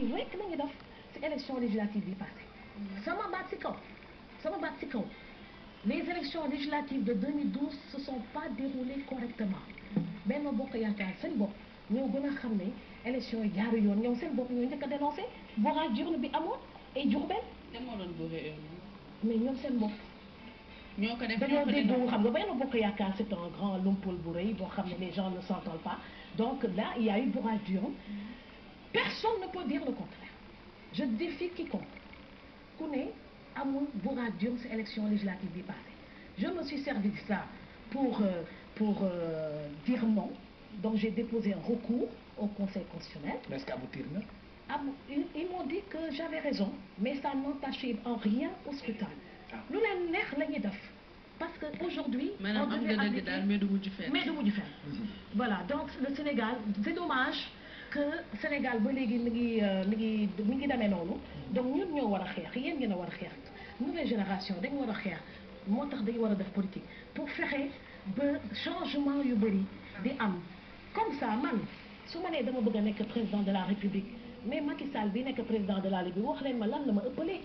rek la ñu def ci élection législative bi passé sama baat ci kaw sama baat ci kaw les élections législatives de 2012 se sont pas déroulées correctement mm. Benno Bokk Yaakaar seen bopp ñoo gën a xam ne élection yi jaaru yoon ñoom seen bopp ñoo njëkk a dénoncé bourrage d'urne bi amoon ay Diourbel mais ñoom seen bopp ñoo ko def dañoo déggoo xam nga Benno Bokk Yaakaar c'est un grand lumpul bu rëy boo xam ne les gens ne s'entendent pas donc là il y a eu bourrage d'urne mm. personne ne peut dire le contraire je défie quiconque ku ne amul Bougane Dioum si élection législative bi passé je me suis servi de ça pour euh, pour euh, dire non donc j'ai déposé un recours au Conseil constitutionnel. mais am ah ils m'ont dit que j'avais raison mais ça n'entachait en rien au scrutin ah. lu leen neex ñuy def parce que aujourd'hui maanaam am nga dëgg mm-hmm. le Sénégal c'est dommage. que Sénégal ba léegi mi ngi euh, mi ngi mi ngi demee noonu donc ñun ñoo war a xeex yéen ngeen a war a xeex nouvelle génération dañ war a xeex moo tax dañ war a def politique pour fexe ba changement yu bëri di am comme ça man su ma nee dama bëgg a nekk président de la république mais Macky Sall bi nekk président de la république wax leen ma lan la ma ëppalee